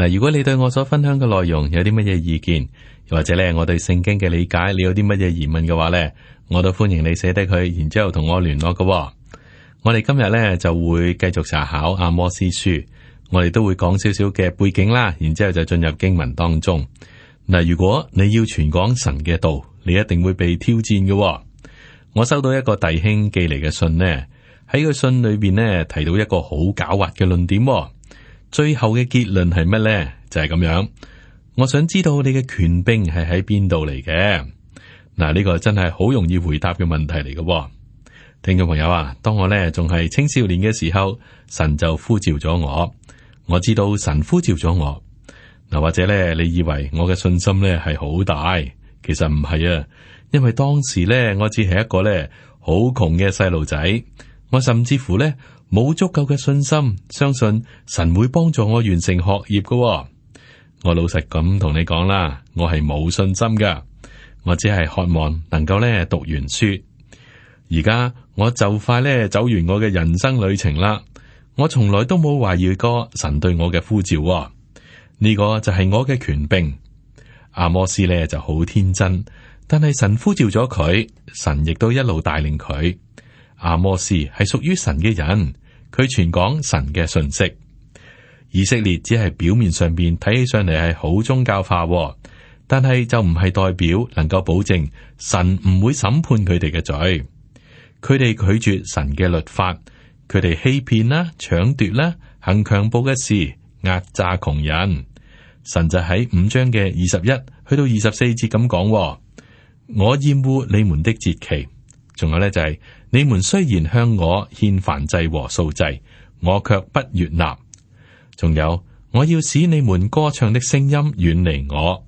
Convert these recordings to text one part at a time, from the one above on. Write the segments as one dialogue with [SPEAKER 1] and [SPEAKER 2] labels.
[SPEAKER 1] 嗱，如果你對我所分享嘅內容有啲乜嘢意見，或者咧我對聖經嘅理解，你有啲乜嘢疑問嘅話咧，我都歡迎你寫低佢，然之後同我聯絡噶、哦。我哋今日咧就會繼續查考阿摩司書，我哋都會講少少嘅背景啦，然之後就進入經文當中。嗱，如果你要傳講神嘅道，你一定會被挑戰嘅、哦。我收到一個弟兄寄嚟嘅信呢，喺個信裏邊呢提到一個好狡猾嘅論點、哦。最後嘅結論係乜呢？就係咁樣。我想知道你嘅權柄係喺邊度嚟嘅？嗱，呢個真係好容易回答嘅問題嚟嘅喎。聽眾朋友啊，當我呢仲係青少年嘅時候，神就呼召咗我。我知道神呼召咗我。嗱，或者呢，你以為我嘅信心呢係好大？其實唔係啊，因為當時呢，我只係一個呢好窮嘅細路仔。我甚至乎咧冇足夠嘅信心，相信神會幫助我完成學業嘅、哦。我老實咁同你講啦，我係冇信心噶。我只係渴望能夠咧讀完書。而家我就快咧走完我嘅人生旅程啦。我從來都冇懷疑過神對我嘅呼召、哦。呢、這個就係我嘅權柄。阿摩司咧就好天真，但係神呼召咗佢，神亦都一路帶領佢。阿摩司係屬於神嘅人，佢傳講神嘅訊息。以色列只係表面上邊睇起上嚟係好宗教化，但係就唔係代表能夠保證神唔會審判佢哋嘅罪。佢哋拒絕神嘅律法，佢哋欺騙啦、搶奪啦、行強暴嘅事、壓榨窮人。神就喺五章嘅二十一去到二十四節咁講，我厭惡你們的節期。仲有呢，就係，就係。你們雖然向我獻燔祭和素祭，我卻不悅納。仲有，我要使你們歌唱的聲音遠離我。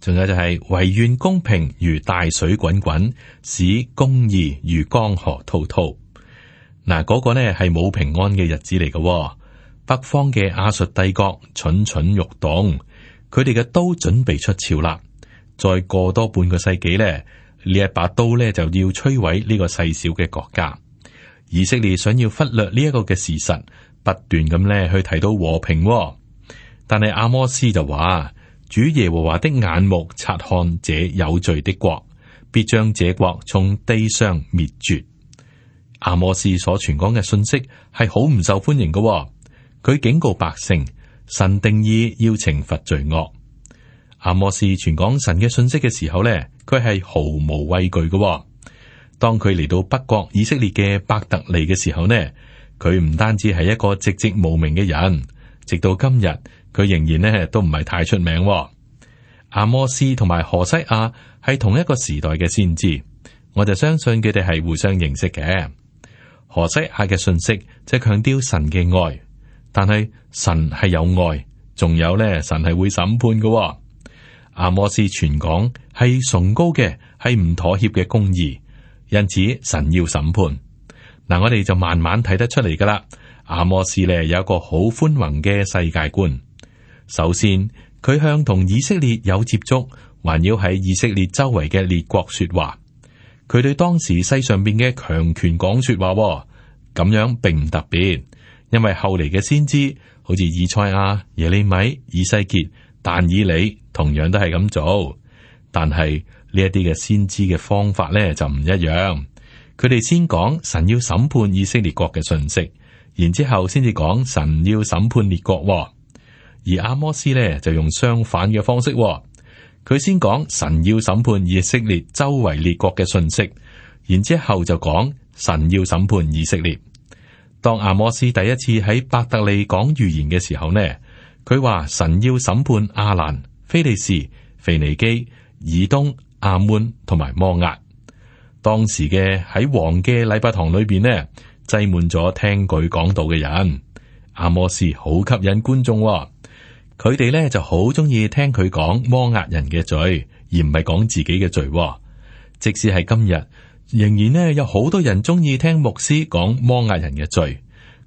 [SPEAKER 1] 仲有就係、是，唯願公平如大水滾滾，使公義如江河滔滔。嗱，嗰個呢係冇平安嘅日子嚟嘅。北方嘅亞述帝國蠢蠢欲動，佢哋嘅刀準備出鞘啦。再過多半個世紀呢。呢一把刀咧，就要摧毀呢個細小嘅國家。以色列想要忽略呢一個嘅事實，不斷咁咧去提到和平、哦。但係阿摩斯就話：主耶和華的眼目察看這有罪的國，必將這國從地上滅絕。阿摩斯所傳講嘅信息係好唔受歡迎嘅、哦，佢警告百姓：神定義要懲罰罪惡。阿摩斯傳講神嘅信息嘅時候咧。佢係毫無畏懼嘅、哦。當佢嚟到北國以色列嘅伯特利嘅時候呢，佢唔單止係一個籍籍無名嘅人，直到今日佢仍然呢都唔係太出名、哦。阿摩斯同埋何西阿係同一個時代嘅先知，我就相信佢哋係互相認識嘅。何西阿嘅信息即係強調神嘅愛，但係神係有愛，仲有呢神係會審判嘅、哦。阿摩司全講係崇高嘅，係唔妥協嘅公義，因此神要審判嗱、啊。我哋就慢慢睇得出嚟噶啦。阿摩司呢有一個好寬宏嘅世界觀。首先佢向同以色列有接觸，環繞喺以色列周圍嘅列國說話。佢對當時世上邊嘅強權講說話咁樣，並唔特別，因為後嚟嘅先知好似以賽亞、耶利米、以西結、但以理。同樣都係咁做，但係呢一啲嘅先知嘅方法呢就唔一樣。佢哋先講神要審判以色列國嘅訊息，然之後先至講神要審判列國，哦。而阿摩斯呢，就用相反嘅方式，哦，佢先講神要審判以色列周圍列國嘅訊息，然之後就講神要審判以色列。當阿摩斯第一次喺伯特利講預言嘅時候呢，佢話神要審判阿蘭。腓利士、腓尼基、以東、亞捫同埋摩押，當時嘅喺王嘅禮拜堂裏邊呢，擠滿咗聽佢講道嘅人。阿摩司好吸引觀眾，哦，佢哋咧就好中意聽佢講摩押人嘅罪，而唔係講自己嘅罪，哦。即使係今日，仍然呢有好多人中意聽牧師講摩押人嘅罪。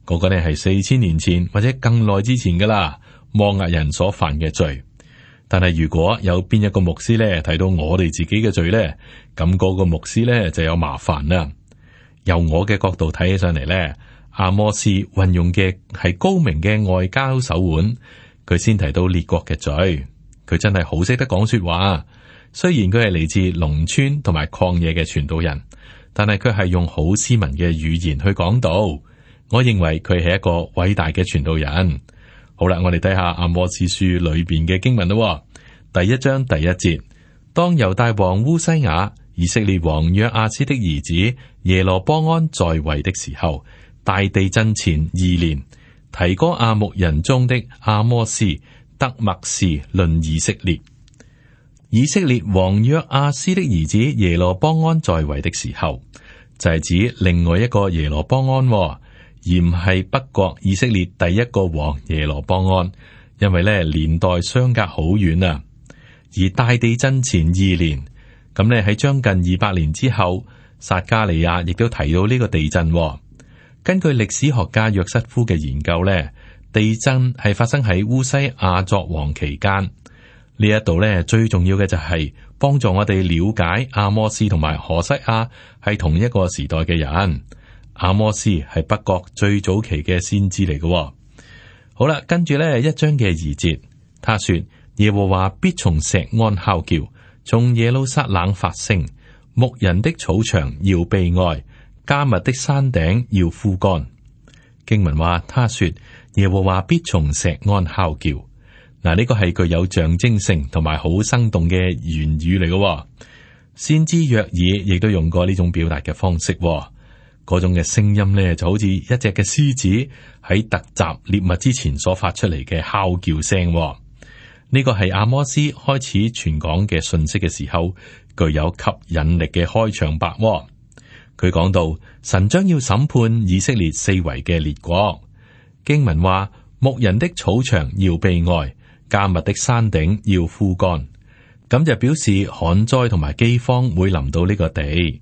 [SPEAKER 1] 嗰、那個呢係四千年前或者更耐之前㗎喇，摩押人所犯嘅罪。但係如果有邊一個牧師咧提到我哋自己嘅罪呢，咁嗰個牧師咧就有麻煩啦。由我嘅角度睇起上嚟呢，阿摩斯運用嘅係高明嘅外交手腕，佢先提到列國嘅罪，佢真係好識得講說話。雖然佢係嚟自農村同埋曠野嘅傳道人，但係佢係用好斯文嘅語言去講道。我認為佢係一個偉大嘅傳道人。好啦，我哋睇下阿摩司書裏邊嘅經文啦。第一章第一節，當猶大王烏西雅、以色列王約阿斯的兒子耶羅波安在位的時候，大地震前二年，提哥阿牧人中的阿摩司得默示論以色列。以色列王約阿斯的兒子耶羅波安在位的時候，就係、是、指另外一個耶羅波安。而唔係北國以色列第一個王耶羅波安，因為咧年代相隔好遠啊。而大地震前二年，咁咧喺將近二百年之後，撒加利亞亦都提到呢個地震。根據歷史學家約瑟夫嘅研究咧，地震係發生喺烏西亞作王期間。呢一度咧最重要嘅就係幫助我哋了解阿摩斯同埋何西阿係同一個時代嘅人。阿摩司係北國最早期嘅先知嚟嘅、哦。好啦，跟住咧一章嘅二節，他說：耶和華必從錫安哮叫，從耶路撒冷發聲。牧人的草場要悲哀，迦密的山頂要枯乾。經文話：他說，耶和華必從錫安哮叫。嗱，呢個係具有象徵性同埋好生動嘅言語嚟嘅、哦。先知約珥亦都用過呢種表達嘅方式、哦。嗰種嘅聲音咧，就好似一隻嘅獅子喺突襲獵物之前所發出嚟嘅嚎叫聲。呢個係阿摩司開始傳講嘅信息嘅時候，具有吸引力嘅開場白喎。佢講到，神將要審判以色列四圍嘅列國。經文話，牧人的草場要悲哀，迦密的山頂要枯乾。咁就表示旱災同埋饑荒會臨到呢個地。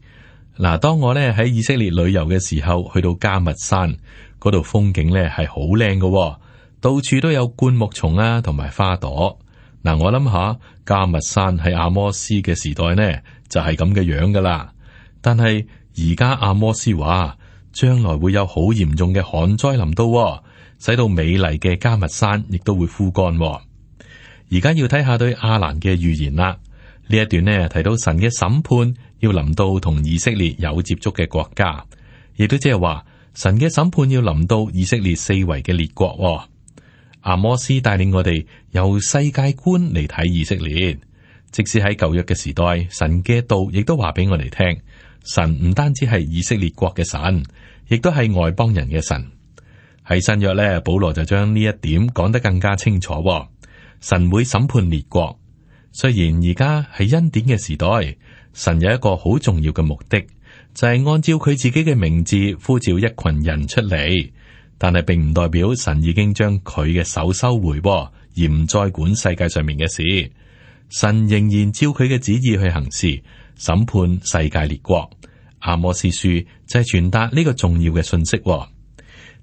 [SPEAKER 1] 嗱，當我咧喺以色列旅遊嘅時候，去到加密山嗰度，風景咧係好靚噶，到處都有灌木叢啊，同埋花朵。嗱，我諗下加密山喺阿摩司嘅時代呢，就係咁嘅樣噶啦。但係而家阿摩司話，將來會有好嚴重嘅旱災臨到，使到美麗嘅加密山亦都會枯乾。而家要睇下對阿蘭嘅預言啦。呢一段呢，提到神嘅審判要臨到同以色列有接觸嘅國家，亦都即係話神嘅審判要臨到以色列四圍嘅列國，哦。阿摩司帶領我哋由世界觀嚟睇以色列，即使喺舊約嘅時代，神嘅道亦都話俾我哋聽，神唔單止係以色列國嘅神，亦都係外邦人嘅神。喺新約呢，保羅就將呢一點講得更加清楚，哦，神會審判列國。雖然而家係恩典嘅時代，神有一個好重要嘅目的，就係按照佢自己嘅名字呼召一群人出嚟，但係並唔代表神已經將佢嘅手收回，而唔再管世界上面嘅事。神仍然照佢嘅旨意去行事，審判世界列國。阿摩司書就係傳達呢個重要嘅信息。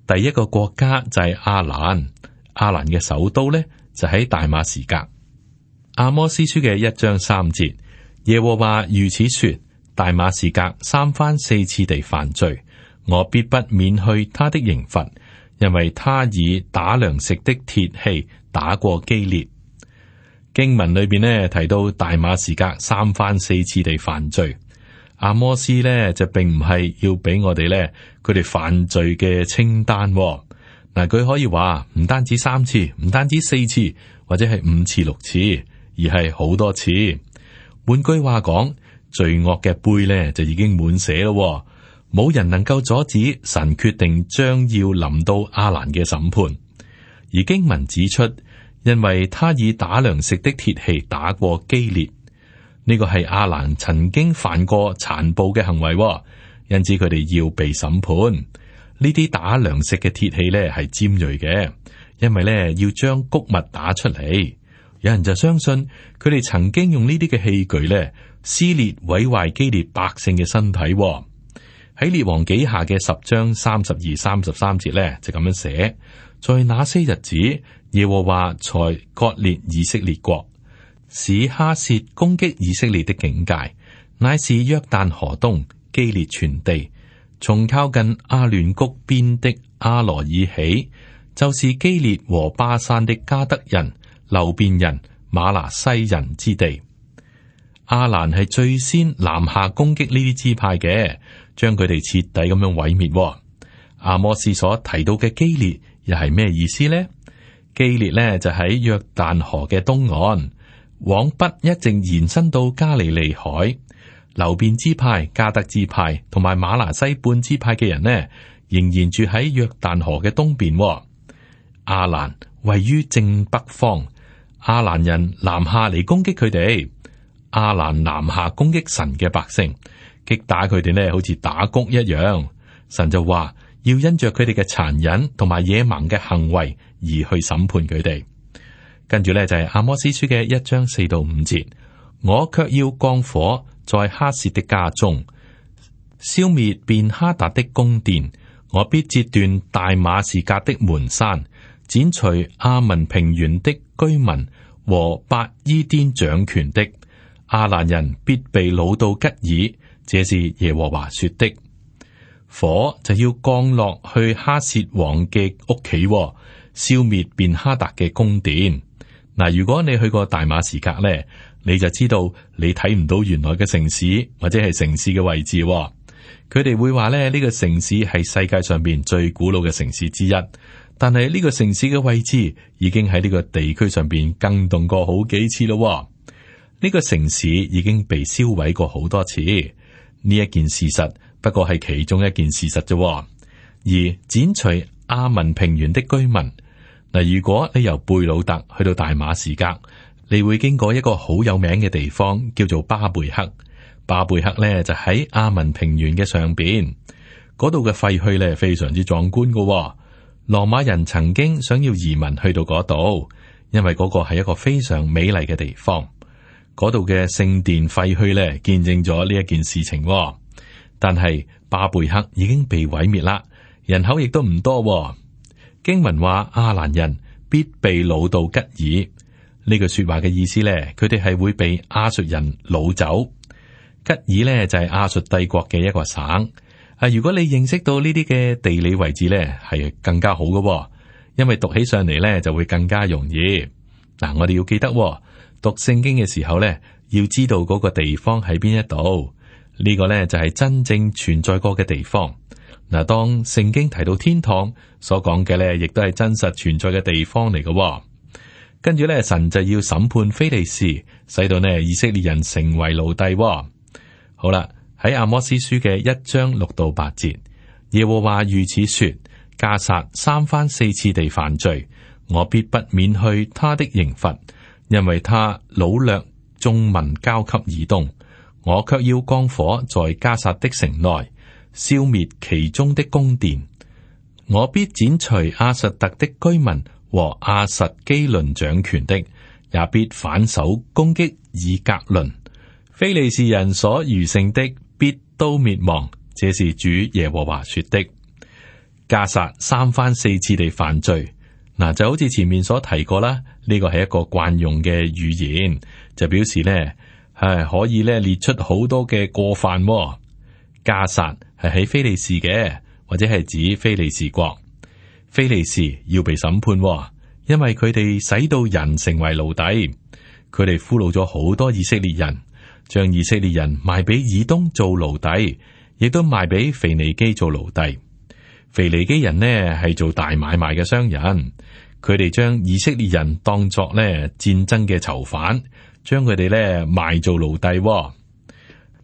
[SPEAKER 1] 第一個國家就係阿蘭，阿蘭嘅首都咧就喺大馬士革。阿摩司書嘅一章三節，耶和華如此說：大馬士革三番四次地犯罪，我必不免去他的刑罰，因為他以打糧食的鐵器打過激烈。經文裏邊呢提到大馬士革三番四次地犯罪，阿摩司呢就並唔係要俾我哋呢佢哋犯罪嘅清單哦。嗱，佢可以話唔單止三次，唔單止四次，或者係五次六次。而係好多次，換句話講，罪惡嘅杯呢就已經滿晒咯，冇人能夠阻止神決定將要臨到阿蘭嘅審判。而經文指出，因為他以打糧食的鐵器打過基列，呢個係阿蘭曾經犯過殘暴嘅行為，因此佢哋要被審判。呢啲打糧食嘅鐵器呢係尖銳嘅，因為呢要將谷物打出嚟。有人就相信佢哋曾經用呢啲嘅器具咧，撕裂、毀壞、基列百姓嘅身體喺、哦、列王紀下嘅十章三十二、三十三節咧，就咁樣寫。在那些日子，耶和華才割裂以色列國，使哈薛攻擊以色列的境界，乃是約旦河東基列全地，從靠近阿聯谷邊的阿羅爾起，就是基列和巴山的加德人。流便人、馬拿西人之地，亞蘭係最先南下攻擊呢啲支派嘅，將佢哋徹底咁樣毀滅喎。阿摩司所提到嘅基列又係咩意思呢？基列呢就喺、是、約旦河嘅東岸，往北一直延伸到加利利海。流便支派、加得支派同埋馬拿西半支派嘅人呢，仍然住喺約旦河嘅東邊、哦。亞蘭位於正北方。亞蘭人南下嚟攻擊佢哋，亞蘭南下攻擊神嘅百姓，擊打佢哋呢好似打谷一樣。神就話要因着佢哋嘅殘忍同埋野蠻嘅行為而去審判佢哋。跟住呢，就係阿摩司書嘅一章四到五節，我卻要降火在哈薛的家中，消滅便哈達的宮殿，我必折斷大馬士革的門閂。剪除阿文平原的居民和白依甸掌權的阿蘭人，必被老到吉爾。這是耶和華說的。火就要降落去哈切王嘅屋企，消滅便哈達嘅宮殿。嗱，如果你去過大馬士革咧，你就知道你睇唔到原來嘅城市或者係城市嘅位置。佢哋會話咧，呢個城市係世界上邊最古老嘅城市之一。但係呢個城市嘅位置已經喺呢個地區上邊更動過好幾次咯、喎。呢、呢個城市已經被銷毀過好多次，呢一件事實不過係其中一件事實啫。而剪除亞文平原的居民嗱，如果你由貝魯特去到大馬士革，你會經過一個好有名嘅地方叫做巴貝克。巴貝克呢就喺亞文平原嘅上邊嗰度，嘅廢墟呢非常之壯觀噶、喎。羅馬人曾經想要移民去到嗰度，因為嗰個係一個非常美麗嘅地方。嗰度嘅聖殿廢墟咧，見證咗呢一件事情、哦。但係巴貝克已經被毀滅啦，人口亦都唔多、哦。經文話：阿蘭人必被擄到吉爾。呢句說話嘅意思咧，佢哋係會被阿述人擄走。吉爾呢，就係阿述帝國嘅一個省。啊，如果你認識到呢啲嘅地理位置呢，係更加好嘅，因為讀起上嚟呢，就會更加容易。嗱，我哋要記得讀聖經嘅時候呢，要知道嗰個地方喺邊一度，呢個呢，就係真正存在過嘅地方。嗱，當聖經提到天堂，所講嘅呢，亦都係真實存在嘅地方嚟嘅。跟住呢，神就要審判非利士，使到呢以色列人成為奴隸。好啦。喺阿摩司書嘅一章六到八節，耶和華如此說：加撒三番四次地犯罪，我必不免去他的刑罰，因為他擄掠眾民，交給以東。我卻要降火在加撒的城內，消滅其中的宮殿。我必剪除阿實特的居民和阿實基倫掌權的，也必反手攻擊以格倫，非利士人所餘剩的，都滅亡，這是主耶和華說的。加薩三番四次地犯罪，嗱，就好似前面所提過啦，呢個係一個慣用嘅語言，就表示呢，係可以咧列出好多嘅過犯。加薩係喺非利士嘅，或者係指非利士國，非利士要被審判，因為佢哋使到人成為奴隸，佢哋俘虜咗好多以色列人。將以色列人賣俾以東做奴隸，亦都賣俾腓尼基做奴隸。腓尼基人呢係做大買賣嘅商人，佢哋將以色列人當作呢戰爭嘅囚犯，將佢哋呢賣做奴隸，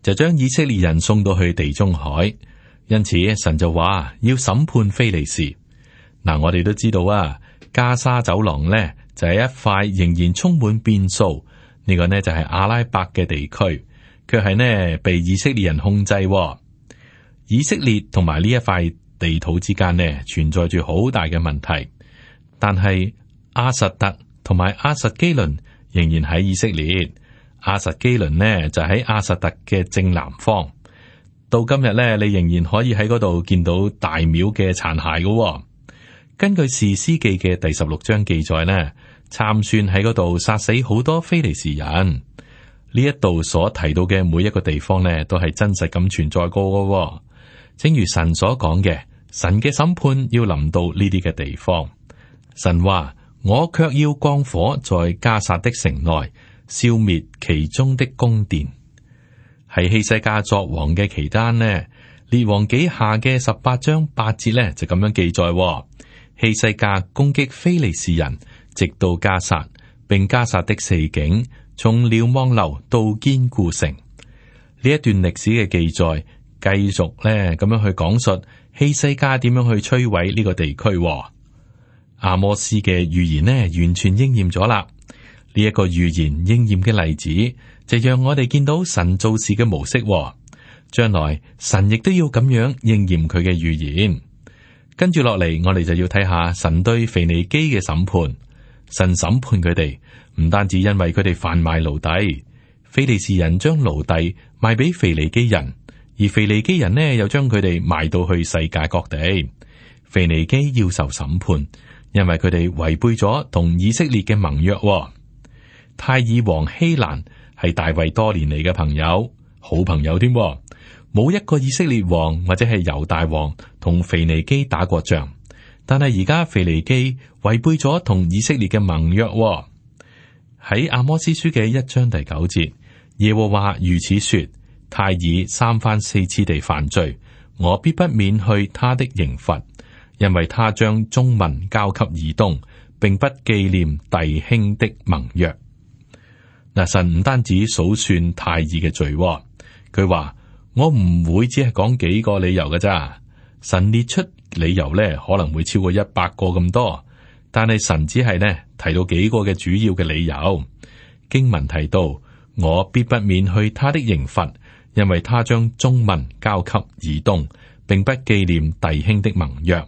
[SPEAKER 1] 就將以色列人送到去地中海。因此，神就話要審判非利士。嗱，我哋都知道啊，加沙走廊呢就係、是、一塊仍然充滿變數。呢個呢就係阿拉伯嘅地區，卻係呢被以色列人控制。以色列同埋呢一塊地土之間呢存在住好大嘅問題，但係亞實突同埋亞實基倫仍然喺以色列。亞實基倫呢就喺、是、亞實突嘅正南方。到今日呢，你仍然可以喺嗰度見到大廟嘅殘骸嘅。根據《士師記》嘅第十六章記載呢，參孫喺嗰度殺死好多非利士人。呢度所提到嘅每一個地方呢，都係真實咁存在過嘅。正如神所講嘅，神嘅審判要臨到呢啲嘅地方。神話，我却要降火在迦薩的城內，消滅其中的宮殿。係希西家作王嘅期間呢，列王紀下嘅十八章八節呢，就咁樣記載：希西家攻擊非利士人。直到加撒，並加撒的四境，從瞭望樓到堅固城。呢一段歷史嘅記載，繼續咧咁樣去講述希西家點樣去摧毀呢個地區，哦。阿摩斯嘅預言呢，完全應驗咗啦。呢、這、一個預言應驗嘅例子，就讓我哋見到神做事嘅模式，哦。將來神亦都要咁樣應驗佢嘅預言。跟住落嚟，我哋就要睇下神對腓尼基嘅審判。神審判佢哋，唔單止因為佢哋販賣奴隸，非利士人將奴隸賣俾腓尼基人，而腓尼基人呢又將佢哋賣到去世界各地。腓尼基要受審判，因為佢哋違背咗同以色列嘅盟約。泰爾王希蘭係大衛多年嚟嘅朋友，好朋友添，冇一個以色列王或者係猶大王同腓尼基打過仗。但係而家腓尼基違背咗同以色列嘅盟約喺、哦、阿摩司書嘅一章第九節，耶和華如此說：泰爾三番四次地犯罪，我必不免去他的刑罰，因為他將眾民交給以東，並不紀念弟兄的盟約。嗱、哦，神唔單止數算泰爾嘅罪，佢話我唔會只係講幾個理由嘅咋，神列出。理由呢可能會超過一百個咁多，但係神只係呢提到幾個嘅主要嘅理由。經文提到，我必不免去他的刑罰，因為他將眾民交給以東，並不紀念弟兄的盟約，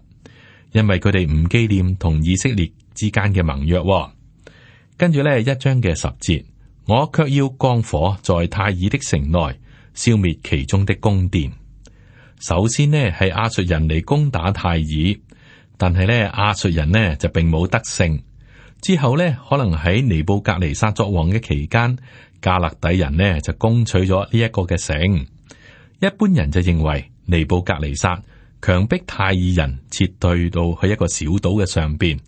[SPEAKER 1] 因為佢哋唔紀念同以色列之間嘅盟約。跟住呢一章嘅十節，我卻要降火在泰爾的城內，消滅其中的宮殿。首先呢，係亞述人嚟攻打泰爾，但係咧亞述人呢就並冇得勝。之後呢，可能喺尼布格尼薩作王嘅期間，加勒底人呢就攻取咗呢一個嘅城。一般人就認為尼布格尼薩強迫泰爾人撤退到去一個小島嘅上邊。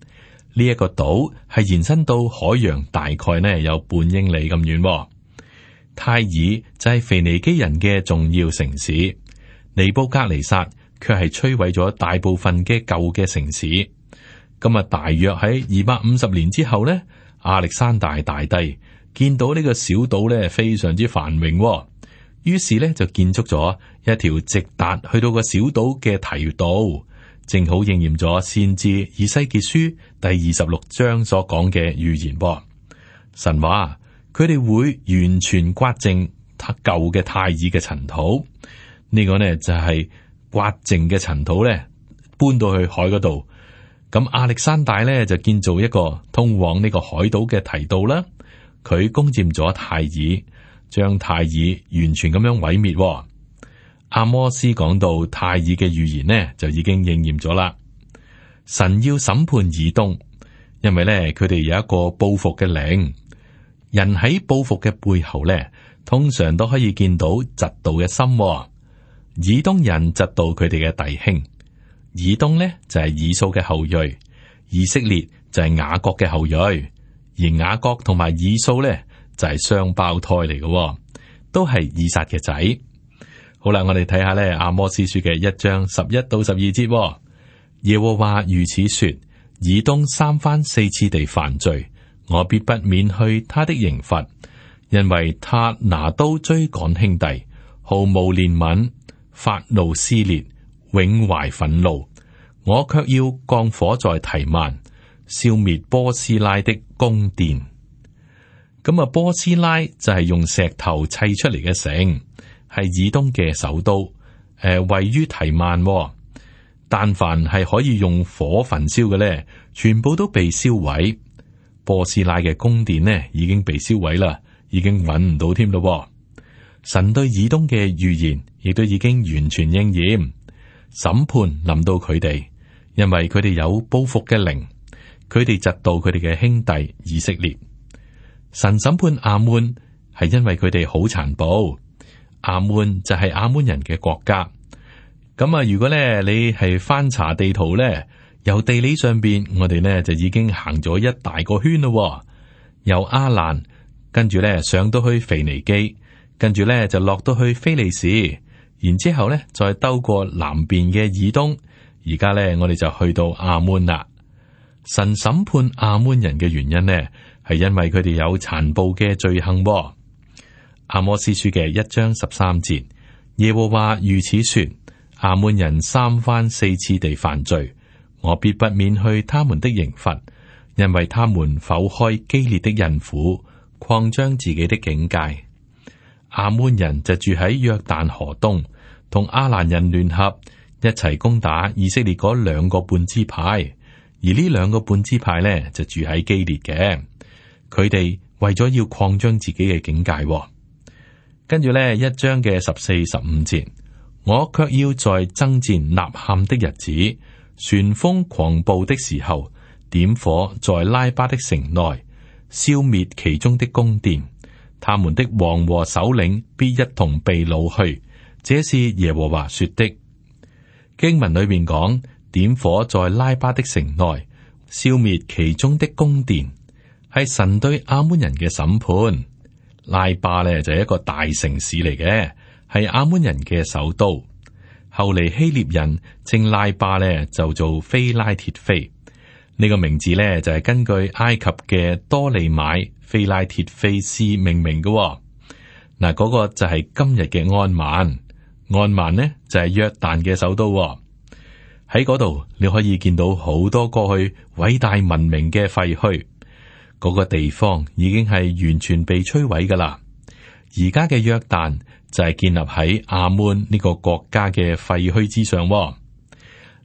[SPEAKER 1] 呢一個島係延伸到海洋，大概呢有半英里咁遠。泰爾就係腓尼基人嘅重要城市。尼布格尼薩卻係摧毀咗大部分嘅舊嘅城市。咁啊，大約喺二百五十年之後咧，亞歷山大大帝見到呢個小島咧，非常之繁榮，於是咧就建築咗一條直達去到個小島嘅堤道，正好應驗咗《先知以西結書》第二十六章所講嘅預言噃。神話佢哋會完全刮淨舊嘅泰爾嘅塵土。呢個呢，就係刮淨嘅塵土咧，搬到去海嗰度。咁亞歷山大咧就建造一個通往呢個海島嘅堤道啦。佢攻佔咗泰爾，將泰爾完全咁樣毀滅。阿摩斯講到泰爾嘅預言呢，就已經應驗咗啦。神要審判以東，因為咧佢哋有一個報復嘅靈。人喺報復嘅背後咧，通常都可以見到嫉妒嘅心。以東人窒到佢哋嘅弟兄，以東呢，就係以掃嘅後裔，以色列就係雅各嘅後裔，而雅各同埋以掃呢，就係雙胞胎嚟嘅，都係以撒嘅仔。好啦，我哋睇下咧《阿摩司書》嘅一章十一到十二節，耶和華如此說：以東三番四次地犯罪，我必不免去他的刑罰，因為他拿刀追趕兄弟，毫無憐憫。發怒撕裂，永懷憤怒。我卻要降火在提曼，消滅波斯拉的宮殿。咁啊，波斯拉就係用石頭砌出嚟嘅城，係以東嘅首都。誒，位於提曼。但凡係可以用火焚燒嘅咧，全部都被燒毀。波斯拉嘅宮殿呢，已經被燒毀啦，已經揾唔到添咯。神對以東嘅預言，亦都已經完全應驗。審判臨到佢哋，因為佢哋有報復嘅靈，佢哋窒到佢哋嘅兄弟以色列。神審判亞捫係因為佢哋好殘暴。亞捫就係亞捫人嘅國家。咁啊，如果咧你係翻查地圖咧，由地理上面，我哋咧就已經行咗一大個圈咯。由阿蘭跟住咧上到去腓尼基。跟住咧，就落到去非利士，然之後咧，再兜過南邊嘅以東。而家咧，我哋就去到亞門啦。神審判亞門人嘅原因呢，係因為佢哋有殘暴嘅罪行，啊。阿摩斯書嘅一章十三節，耶和華如此說：亞門人三番四次地犯罪，我必不免去他們的刑罰，因為他們剖開基列的孕婦，擴張自己的境界。亞捫人就住喺約旦河東，同阿蘭人聯合一齊攻打以色列嗰兩個半支派。而呢兩個半支派呢，就住喺基列嘅，佢哋為咗要擴張自己嘅境界，哦。跟住呢一章嘅十四十五節，我卻要在爭戰吶喊的日子，旋風狂暴的時候，點火在拉巴的城內，消滅其中的宮殿。他們的王和首領必一同被擄去，這是耶和華說的。經文裏面講，點火在拉巴的城內，消滅其中的宮殿，係神對亞捫人嘅審判。拉巴呢就係、是、一個大城市嚟嘅，係亞捫人嘅首都。後嚟希臘人稱拉巴呢就做非拉鐵非，呢、這個名字呢，就係、是、根據埃及嘅多利買。菲拉鐵菲斯命名嘅。嗱、哦，嗰、那個就係今日嘅安曼。安曼呢就係、是、約旦嘅首都、哦，喺嗰度你可以見到好多過去偉大文明嘅廢墟。嗰、那個地方已經係完全被摧毀噶啦。而家嘅約旦就係建立喺亞捫呢個國家嘅廢墟之上、哦。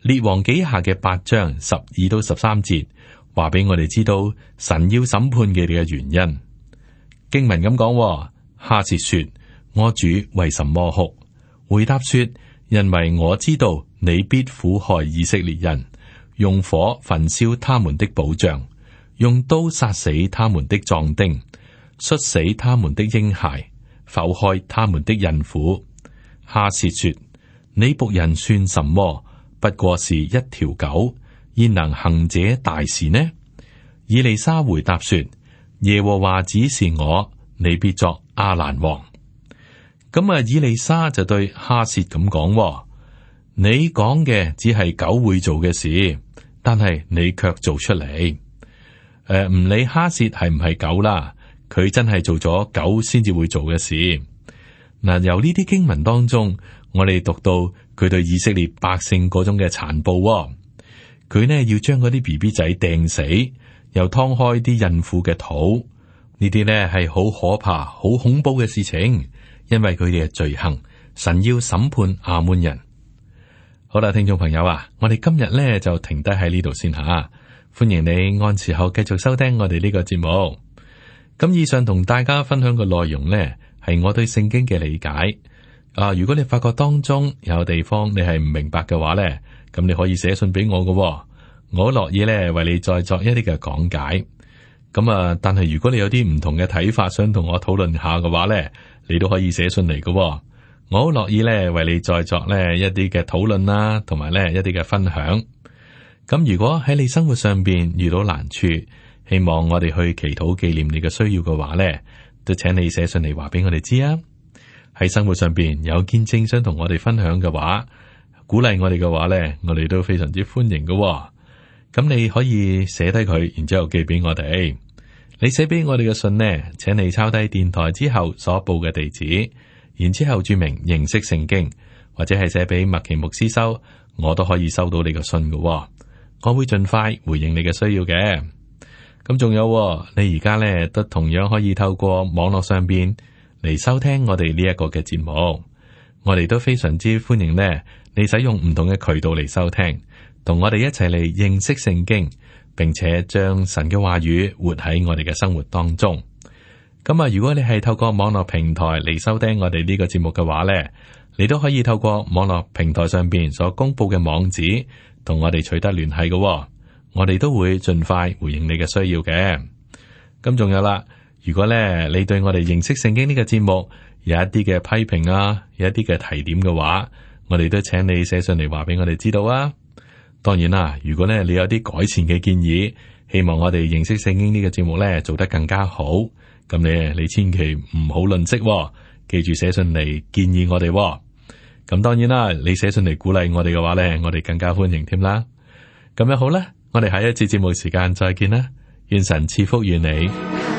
[SPEAKER 1] 列王記下嘅八章十二到十三節。話俾我哋知道神要審判佢哋嘅原因。經文咁講，哦，哈薛說：我主為什麼哭？回答說：因為我知道你必苦害以色列人，用火焚燒他們的保障，用刀殺死他們的壯丁，摔死他們的嬰孩，剖開他們的孕婦。哈薛說：你僕人算什麼？不過是一條狗。焉能行者大事呢？以利沙回答說：耶和華指示我，你必作阿蘭王。咁啊，以利沙就對哈涉咁講：你講嘅只係狗會做嘅事，但係你卻做出嚟。誒、呃，唔理哈涉係唔係狗啦，佢真係做咗狗先至會做嘅事。嗱、呃，由呢啲經文當中，我哋讀到佢對以色列百姓嗰種嘅殘暴。呃佢呢要將嗰啲 BB 仔掟死，又劏開啲孕婦嘅肚，呢啲呢係好可怕、好恐怖嘅事情，因為佢哋嘅罪行，神要審判亞捫人。好啦，聽眾朋友啊，我哋今日呢就停低喺呢度先吓，歡迎你按時候繼續收聽我哋呢個節目。咁以上同大家分享嘅內容呢，係我對聖經嘅理解。啊，如果你發覺當中有地方你係唔明白嘅話呢。咁你可以寫信俾我嘅，我好樂意咧為你再作一啲嘅講解。咁啊，但係如果你有啲唔同嘅睇法，想同我討論下嘅話咧，你都可以寫信嚟嘅。我好樂意咧為你再作咧一啲嘅討論啦，同埋咧一啲嘅分享。咁如果喺你生活上邊遇到難處，希望我哋去祈禱紀念你嘅需要嘅話咧，都請你寫信嚟話俾我哋知啊。喺生活上邊有見證想同我哋分享嘅話。鼓勵我哋嘅話呢，我哋都非常之歡迎㗎喎。咁你可以寫低佢，然之後寄俾我哋。你寫俾我哋嘅信呢，請你抄低電台之後所報嘅地址，然之後注明認識聖經，或者係寫俾麥奇牧師收，我都可以收到你嘅信㗎喎。我會盡快回應你嘅需要嘅。咁仲有喎，你而家呢，都同樣可以透過網絡上邊嚟收聽我哋呢一個嘅節目。我哋都非常之歡迎呢。你使用唔同嘅渠道嚟收聽，同我哋一齊嚟認識聖經，並且將神嘅話語活喺我哋嘅生活當中。咁啊，如果你係透過網絡平台嚟收聽我哋呢個節目嘅話咧，你都可以透過網絡平台上邊所公布嘅網址，同我哋取得聯繫嘅。我哋都會盡快回應你嘅需要嘅。咁仲有啦，如果咧你對我哋認識聖經呢個節目有一啲嘅批評啊，有一啲嘅提點嘅話。我哋都請你寫信嚟，話俾我哋知道啊。當然啦，如果咧你有啲改善嘅建議，希望我哋認識聖經呢、呢個節目咧做得更加好。咁你你千祈唔好吝嗇、哦，記住寫信嚟建議我哋、哦。咁當然啦，你寫信嚟鼓勵我哋嘅話咧，我哋更加歡迎添啦。咁樣好啦，我哋下一次節目時間再見啦。願神賜福與你。